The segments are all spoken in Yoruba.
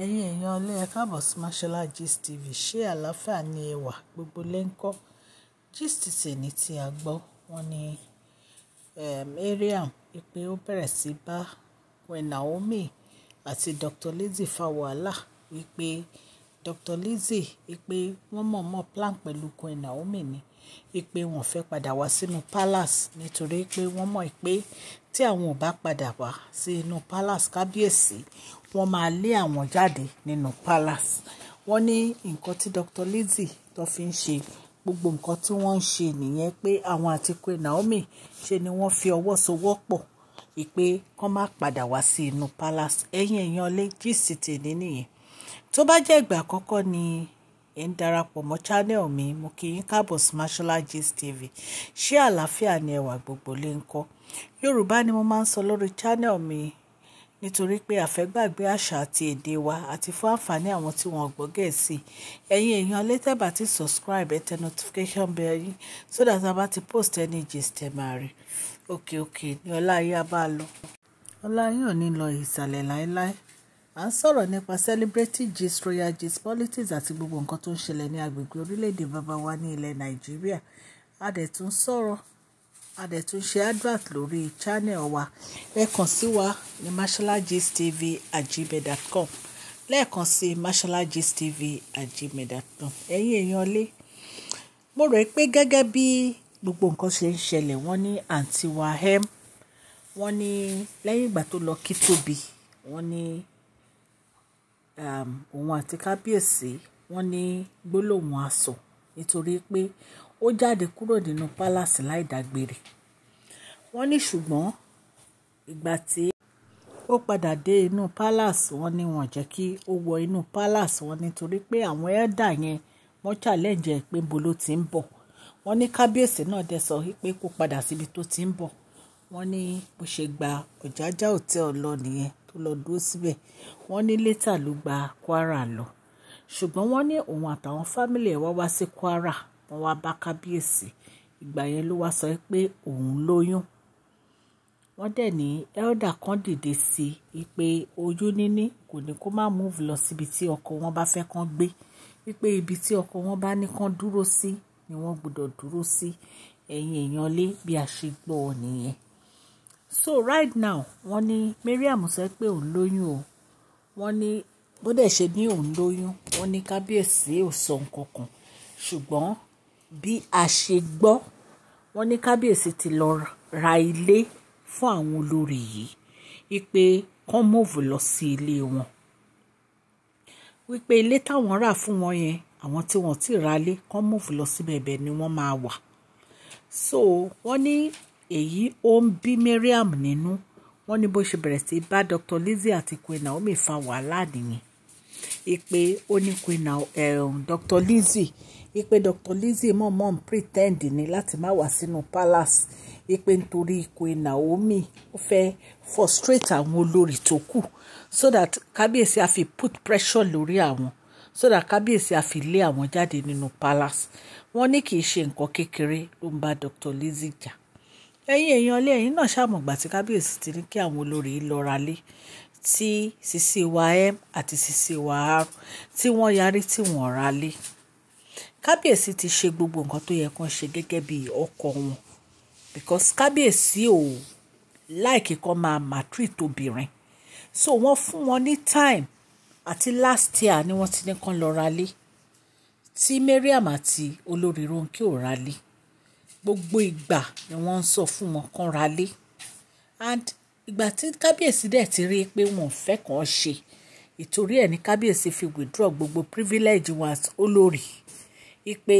Ẹ̀yin èèyàn ilé ẹ káàbọ̀ sí Mashola Gist TV. Ṣé àlàáfíà ni ẹ wà? Gbogbo lé ń kọ́. Gist tí a gbọ́, wọ́n ní ehm, Mariam pé ó bẹ̀rẹ̀ sí bá Naomi àti Dr. Lizzie fa wàhálà wípé Dr. Lizzie pé wọ́n mọ̀ọ́mọ̀ plan pẹ̀lú Queen Naomi ni pé wọ́n fẹ́ padà wá sínú palace nítorí pé wọ́n mọ̀ pé tí àwọn ò bá padà wá sí inú palace kábíyèsí wọ́n máa lé àwọn jáde nínú palace. Wọ́n ní nǹkan tí Dr. Lizzie tó fi ń ṣe gbogbo nǹkan tí wọ́n ń ṣe nìyẹn pé àwọn àti Queen Naomi ṣe ni wọ́n fi ọwọ́ sowọ́ pọ̀ ìpè kọ́ má padà wá sí inú palace ẹ̀yìn èèyàn lé gist tèmi nìyẹn tó bá jẹ́ ìgbà àkọ́kọ́ ni ẹ̀ ń darapọ̀ mọ́ channel mi mo kí yín káàbọ̀ sí Mashola Gist TV ṣé àlàáfíà ni ẹwà gbogbo lè ń kọ́ Yorùbá ni mo máa ń sọ lórí channel mi nítorí pé àfẹ́gbàgbé àṣà àti èdè wa àti fún àǹfààní àwọn tí wọ́n gbọ́ gẹ̀ẹ́sì ẹ̀yin èèyàn létẹ́bà ti subscribe ẹ notification bell yín so that a bá ti post ẹni gist ẹ máa rí òkè òkè ní ọlá yín lọ ọlá ò ní lọ ìsàlẹ̀ láéláé à ń sọ̀rọ̀ nípa celebrity gist royal gist politics àti gbogbo nǹkan tó ń ṣẹlẹ̀ ní agbègbè orílẹ̀-èdè bàbá wa ní ilẹ̀ nàìjíríà a dẹ̀ tún sọ̀rọ̀ a dẹ̀ tún ṣe advert lórí channel wa ẹ kàn sí wa ní masholagistv@gmail.com lẹ́ẹ̀kan sí masholagistv@gmail.com ẹ̀yin èèyàn lé mo rò pé gẹ́gẹ́ bí gbogbo nǹkan ṣe ń ṣẹlẹ̀ wọ́n ní àǹtí wa hem wọ́n ní lẹ́yìn ìgbà tó lọ kí tóbi wọ́n ní òun àti kábíyèsí wọ́n ní gbólóhùn asọ̀ nítorí pé ó jáde kúrò nínú pálásì láì dágbére wọ́n ní ṣùgbọ́n ìgbà tí ó padà dé inú palace wọ́n ní wọ́n jẹ́ kí ó wọ inú palace wọ́n nítorí pé àwọn ẹ̀dà yẹn wọ́n challenge pé bolo ti ń bọ̀ wọ́n ní kábíyèsí náà dẹ̀ sọ kó padà síbi tó ti ń bọ̀ wọ́n ní bó ṣe gba ọ̀jájá hòtẹ́ẹ̀lì lọ nìyẹn tó lọ dúró síbẹ̀ wọ́n ní létà ló gba kwara lọ ṣùgbọ́n wọ́n ní òun àtàwọn fámìlì ẹ̀ wá wá sí kwara wọ́n wá bá kábíyèsí ìgbà yẹn ló wá sọ pé òun lóyún wọ́n dẹ̀ ní elda kan dìde sí i pé oyún níní kò ní kó má move lọ síbi tí ọkọ wọn bá fẹ́ kán gbé wípé ibi tí ọkọ wọn bá ní kán dúró sí ni wọ́n gbọ́dọ̀ dúró sí ẹ̀yin èèyàn lé bí a ṣe gbọ́ nìyẹn so right now wọ́n ní Mariam sọ pé òun lóyún o wọ́n ní bó dẹ̀ ṣe ní òun lóyún wọ́n ní kábíyèsí ò sọ nǹkan kan ṣùgbọ́n bí a ṣe gbọ́ wọ́n ní kábíyèsí ti lọ ra ilé fún àwọn olórí yìí wípé kán mọ̀ọ́vù lọ sí ilé wọn wípé ilé táwọn rà fún wọn yẹn àwọn tí wọn ti ra lé kán mọ̀ọ́vù lọ sí bẹ̀bẹ̀ ni wọ́n máa wà so wọ́n ní èyí ó ń bí Mariam nínú wọ́n ní bó ṣe bẹ̀rẹ̀ sí bá Dr. Lizzie àti Queen Naomi fa wàhálà nìyẹn ìpè ó ní Queen um, Dr. Lizzie ìpè Dr. Lizzie mọ̀mọ́ ń pretend ni láti má wá sínú palace ìpè nítorí Queen Naomi ó fẹ́ frustrate àwọn olórí tó kù so that kábíyèsí á fi put pressure lórí àwọn so that kábíyèsí á fi lé àwọn jáde nínú palace wọ́n ní kì í ṣe nǹkan kékeré ló ń bá Dr. Lizzie jà ẹ̀yin èèyàn ilé ẹ̀yin náà ṣàmọ̀gbà tí kábíyèsí ti ní kí àwọn olórí lọ́ra lé tí Sisi wa M àti Sisi wa R tí wọ́n yarí tí wọ́n ra lé kábíyèsí ti ṣe gbogbo nǹkan tó yẹ kán ṣe gẹ́gẹ́ bí ọkọ wọn because kábíyèsí ò láìkí kan máa maltreat obìnrin so wọ́n fún wọn ní time àti last year ni wọ́n ti ní kán lọ́ra lé tí Mariam àti olórí Ronke ò ra lé gbogbo ìgbà ni wọ́n ń sọ fún wọn kán ra lé and ìgbà tí kábíyèsí dẹ̀ ti rí i pé wọn ò fẹ́ kàn ṣe ìtorí ẹ̀ ní kábíyèsí fi withdraw gbogbo privilege wọn àti olórí ipe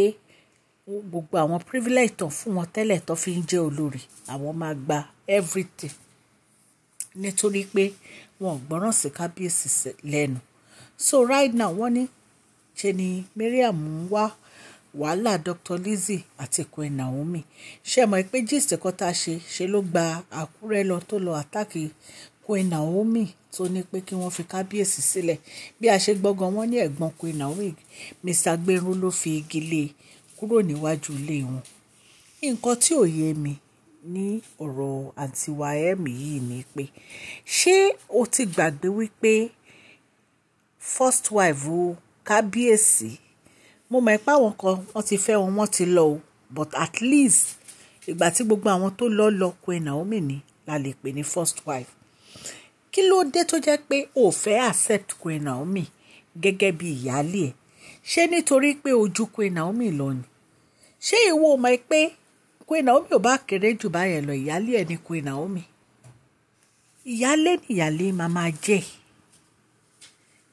gbogbo àwọn privilege tán fún wọn tẹ́lẹ̀ tán fi ń jẹ́ olórí àwọn máa gba everything nítorí pé wọn ò gbọ́ràn sí kábíyèsí lẹ́nu so right now wọ́n ní ṣe ni Mariam ń wá wàhálà Dr. Lizzie àti Queen Naomi ṣe mọ̀ pé gist kan tá a ṣe ṣe ló gba Àkúrẹ́ lọ tó lọ àtàkì Queen Naomi tó ní pé kí wọ́n fi kábíyèsí sílẹ̀ bí a ṣe gbọ́ngàn wọ́n ní ẹ̀gbọ́n Queen Naomi Mr. Gbẹ́rún ló fi igi lé e kúrò níwájú ilé wọn nǹkan tí ò mi ní ọ̀rọ̀ àǹtí Wáyẹ́mì yìí ni pé ṣé o ti gbàgbé wípé first wife o kábíyèsí mo mọ̀ pé àwọn kan wọ́n ti fẹ́ wọn wọ́n ti lọ o but at least ìgbà tí gbogbo àwọn tó lọ lọ Queen Naomi ni la lè pè ní first wife kí ló dé tó jẹ́ pé o fẹ́ accept Queen Naomi gẹ́gẹ́ bí ìyáálé ẹ̀ ṣé nítorí pé ojú Queen Naomi lọ ni ṣé ìwọ mọ̀ pé Queen Naomi ò bá kéré jù báyẹn lọ ìyáálé ẹ̀ ni Queen Naomi ìyáálé nìyáálé máa máa jẹ́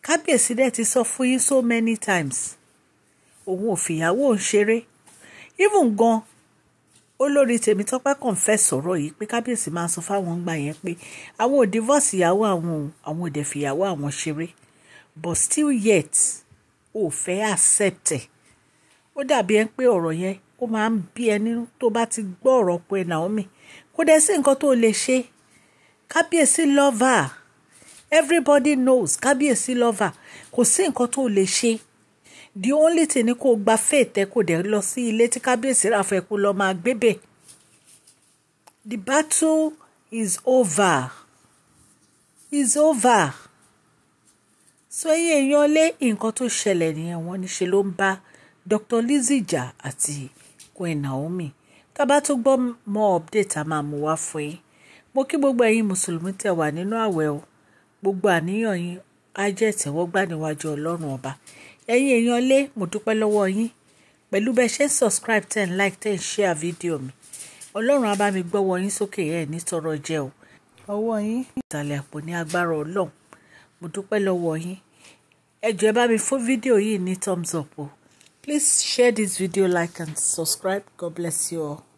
kábíyèsí dẹ̀ ti sọ fún yín so many times òun ò fìyàwó òun ṣeré even gan olórí Tèmítọ́pẹ́ kàn fẹ́ sọ̀rọ̀ yìí pé kábíyèsí máa sọ fáwọn ń gbà yẹn pé àwọn ò divorce ìyàwó àwọn òun àwọn ò dẹ̀ fìyàwó àwọn ṣeré but still yet ò fẹ́ accept ẹ̀ ó dàbí ẹ pé ọ̀rọ̀ yẹn ó máa ń bí ẹ nínú tó bá ti gbọ́ ọ̀rọ̀ pé Naomi kò dẹ̀ sí nǹkan tó lè ṣe kábíyèsí lover everybody knows kábíyèsí lover kò sí nǹkan tó lè ṣe the only thing ni kó gba faith ẹ kó dẹ̀ lọ sí ilé tí kábíyèsí rà fún ẹ kó lọ máa gbébẹ̀ the battle is over is over so eyín èèyàn lé nǹkan tó ṣẹlẹ̀ nìyẹn wọ́n níṣe ló ń bá Dr. Lizzie jà àti Queen Naomi tá a bá tún gbọ́ mọ́ update a máa mú wá fún yín mo kí gbogbo ẹ̀yin mùsùlùmí tẹ́ wà nínú ààwẹ̀ o gbogbo àníyàn yín á jẹ́ ìtẹ́wọ́gbà níwájú Ọlọ́run ọba ẹ̀yin èèyàn lé mo dúpẹ́ lọ́wọ́ yín pẹ̀lú bẹ́ẹ̀ ṣe ń subscribe ten like ten share video mi ọlọ́run á mi gbọ́wọ́ yín sókè ẹ̀ nítorọ jẹ́ o ọwọ́ yín ìsàlẹ̀ àpò ní agbára ọlọ́run mo dúpẹ́ lọ́wọ́ yín ẹ ẹ bá mi fún fídíò yìí ní thumbs up o please share this video like and subscribe god bless you all.